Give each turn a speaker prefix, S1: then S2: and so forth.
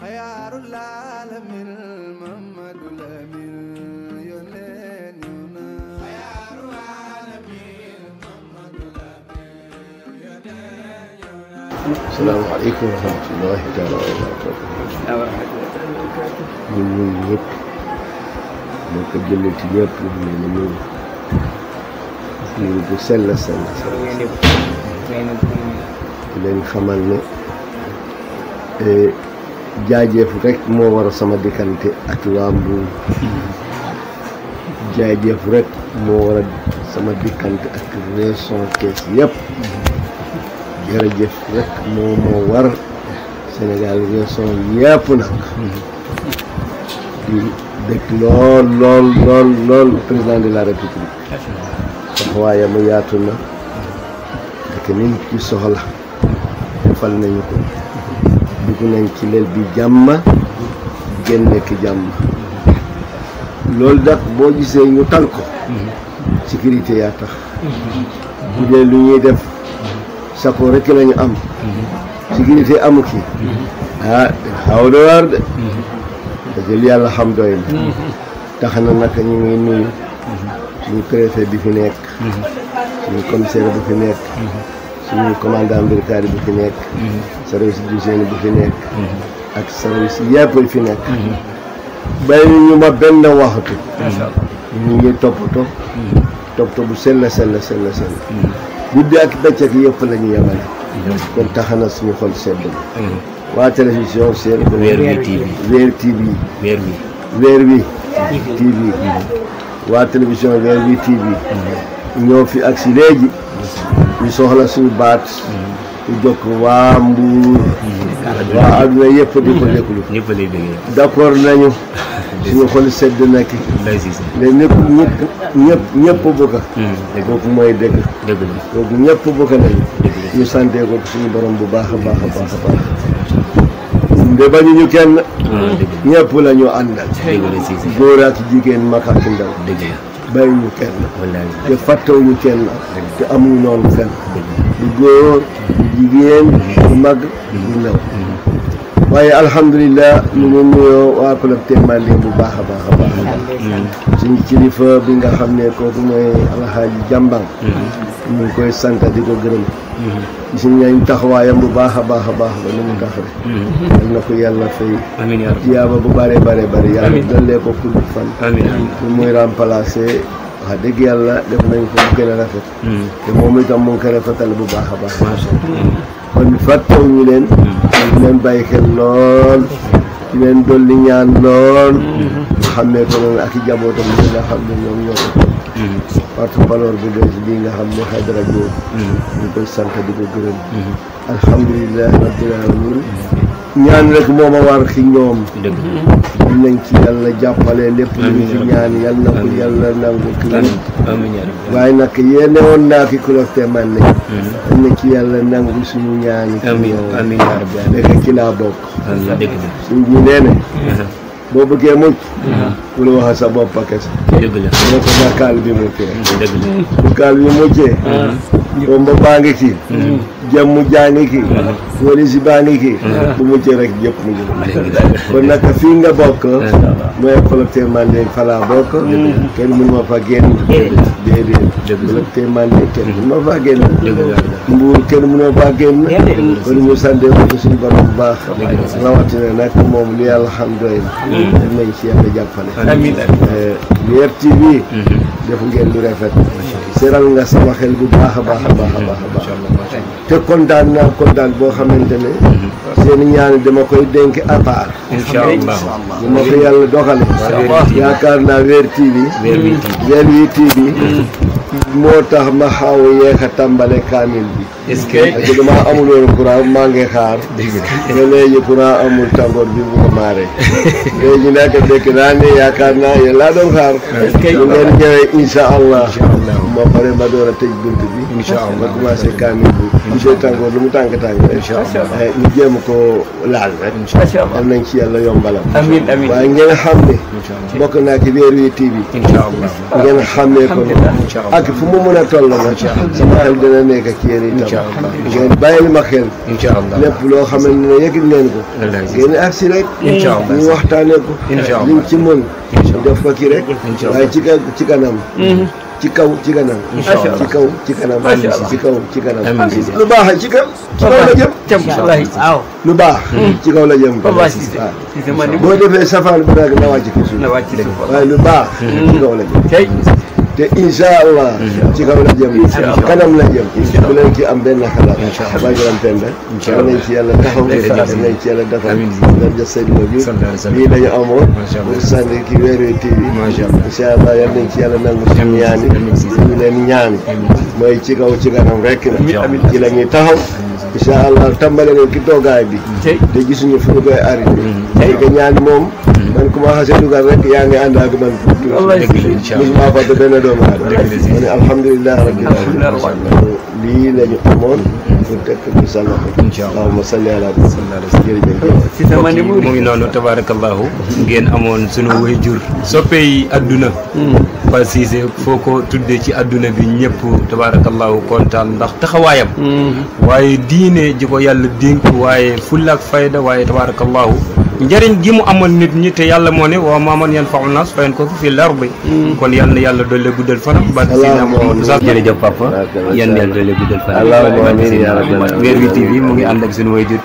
S1: خيار العالم الممد الأمين يونين يونا خيار العالم الممد الأمين السلام عليكم ورحمة الله تعالى وبركاته. ورحمة الله وبركاته. ñu sell sell sell. leen xamal ne jaajëf rekk moo war a sama dikkante ak waa Mbuur jaajëf rek moo war sama dikkante ak région jërëjëf rek moo war Sénégal région yëpp nag lool lool lool président de la république taxawaayam yaatu na dëkk ni ci soxla defal nañu ko dugg nañ ci lël bi jàmm génn ki jàmm loolu nag boo gisee ñu tal ko sécurité yaa tax bu dee lu ñuy def sako rekk lañu am sécurité amu ki ah xaw de jël yàlla xam doy na tax na naka ñu ngi nuyu ñu préfet bi fi nekk ñu commissaire bi fi nekk suñu commandant brigade bi fi nekk mhm. service d'hygiène bi fi nekk mhm. ak service yëpp fi nekk mhm. bay ñu ma benn waxtu ñu ngi toppatoo toppatoo bu sell sell sell sell guddi ak bëccëg yëpp la ñu yemale kon taxana suñu xol sedd waa télévision seen weer wi TV weer TV weer wi weer wi TV waa télévision weer wi TV ñoo fi agsi léegi ñu soxla suñu baat ñu jokk waa mbuur waa àdduna yëpp di ko déglu d'accord nañu suñu xol sedd nekk da ñëpp ñëpp ñëpp ñëpp hmm, kooku mooy dëgg kooku ñëpp nañu ñu santee suñu borom bu baax a baax a baax kenn hmm, ñëpp la ñu góor ak jigéen mag ak ndaw bàyyiwuñu kenn te fàttewuñu kenn te amuñu noonu fenn du góor du jigéen du mag du ndaw waaye alhamdulilah ñu ngi nuyoo waa club Tembale bu baax a baax a baax. suñu kilifa bi nga xam ne kooku mooy alxaaji jàmbang mm-hmm. ñu ngi koy sant di ko gërëm. Mm-hmm. gis nañ taxawaayam bu baax a baax a baax ba ni mu taxawee. Mm-hmm. na ko yàlla fay. amiin yaaba bu bare bare bare yàlla dollee ko kudd fan. amiin muy remplacer. wax dëgg yàlla def nañ ko bu gën a rafet hmm. te moom itam mu bu baax a baax hmm. kon fàttewuñu leen ñu hmm. leen bàyyi xel lool di leen dolli ñaan lool xamee ko noonu ak i jabootam ñi nga xam ne ñoom ñoo ko parti valeur bu des lii di ko alhamdulilah rabbil alamin ñaan rek moo ma war ci ñoom. dëgg la nañ ci yàlla jàppale lépp. lu ñu ci ñaan yal na ko yàlla nangu. amiin waaye nag yéene woon naa fi kulote man ne. am na ci yàlla nangu suñu ñaani. amiin amiin dëgg ci laa bokk. la suñu nee ne. boo bëggee mucc. bul wax sa bopp kese. dëgg la dina kaal bi muccee. dëgg la kaal bi muccee. boobu ba baa ngi ci. jàmm mu ki mm-hmm. wala si baani bu mm-hmm. mu jë rek ñëpp mu jë kon nag fii nga bokk mm-hmm. mooy collecteur Mandé falaa bokk kenn mënu ma fa génn déedéet collecteur Mandé kenn mënu ma ma génn mbuur kenn mënu ma fa génn kon ñu sante ko suñu borom bu baax rawatina nag moom li yàlla xam doy na nañ si yàlla jàppale eh, Leer def ngeen lu rafet. seral nga sama xel bu baax a baax a baax a baax te kontaan naa kontaan boo xamante ne. seen ñaan dama koy dénk à part. bu ma ko yàlla doxalee. yaakaar naa weer TV. weer wi TV. Mm. moo tax ma xaw yeex a tàmbale kaamil bi. est-ce que parce que damaa amul woon courant maa ngi xaar. dëgg la nga léegi courant amul tàngoor bi bu ko maaree. léegi nag dëkk naa ne yaakaar naa yéen laa doon xaar. est-ce que bu ngeen ñëwee incha allah. incha allah ma pare ma door a tëj bunt bi. incha allah ma commencé kaamil bi. incha allah tàngoor lu mu tàng tàng. incha allah ñu jéem ko laal rek. incha allah am nañ ci yàlla yombalal. amiin amiin waaye ngeen xam ne. incha allah bokk naa ci Weer Wii TV. incha allah ngeen xàmmee ko. incha allah ak fu mu mën a toll nag. incha allah sama xel dina nekk ci yéen itam incha allah ngeen bàyyil ma xel. incha loo xam ne yëgit ngeen ko. ngeen agsi rek. incha allah ñu waxtaanee ko. incha allah liñ ci mën. def ko ci rek. waaye ci ci kanam. Mm-hmm. ci kaw ci kanam. ci kaw ci kanam. ci kaw ci kanam. lu baax ci kaw. ci kaw la jëm. lu baax. Mm-hmm. ci kaw la jëm. boo defee safaan bu nag la wàcc ci suuf. waaye lu baax. Mm-hmm. ci kaw la jëm. te incha allah. ci kaw la jëm. ci kanam la jëm. incha allah bu leen ci am benn xalaat. incha allah bàyyiwaam pembe. incha allah nañ ci yàlla taxaw. dëgg la dëgg nañ ci yàlla defal. amiin jërëjëf Seydou Mawir. macha allah lii la ñu amoon. macha allah sànni ki Weer TV. yal nangu suñu ñaani. leen ñaani. mooy ci kaw ci kanam rek la. ci la ñuy incha allah tàmbale nañ ki toogaay bi. te gisuñu fu ñu koy arrivé. tey que ñaan moom. Hmm. man ku ma xasee dugal rek yaa ngi ànd ak man. wallaahi incha allah mosuma fàtte benn doomu aadama. dëgg la ma ne alhamdulilah rabbil alamin lii la ñu amoon. pour teg ko sa loxo. incha allah allahumma salli ala jërëjëf. si sama numéro mu ngi noonu tabaarakallahu ngeen amoon sunu way jur. soppey adduna. Hmm. Moustapha Cissé foo ko tuddee ci àdduna bi ñëpp tabaarakallaahu kontaan ndax taxawaayam mm-hmm. waaye diine ji ko yàlla dénk waaye fulla ak fayda waaye tabaarakallaahu njëriñ gi mu amal nit ñi te yàlla moo ne waaw maaman yan faxul nas fayen ko fi larbi mm-hmm. kon yal yàlla doole guddal fanam ba sina Mohamed Sall jërëjëf papa yal na yàlla doole guddal fanam Weer Wii TV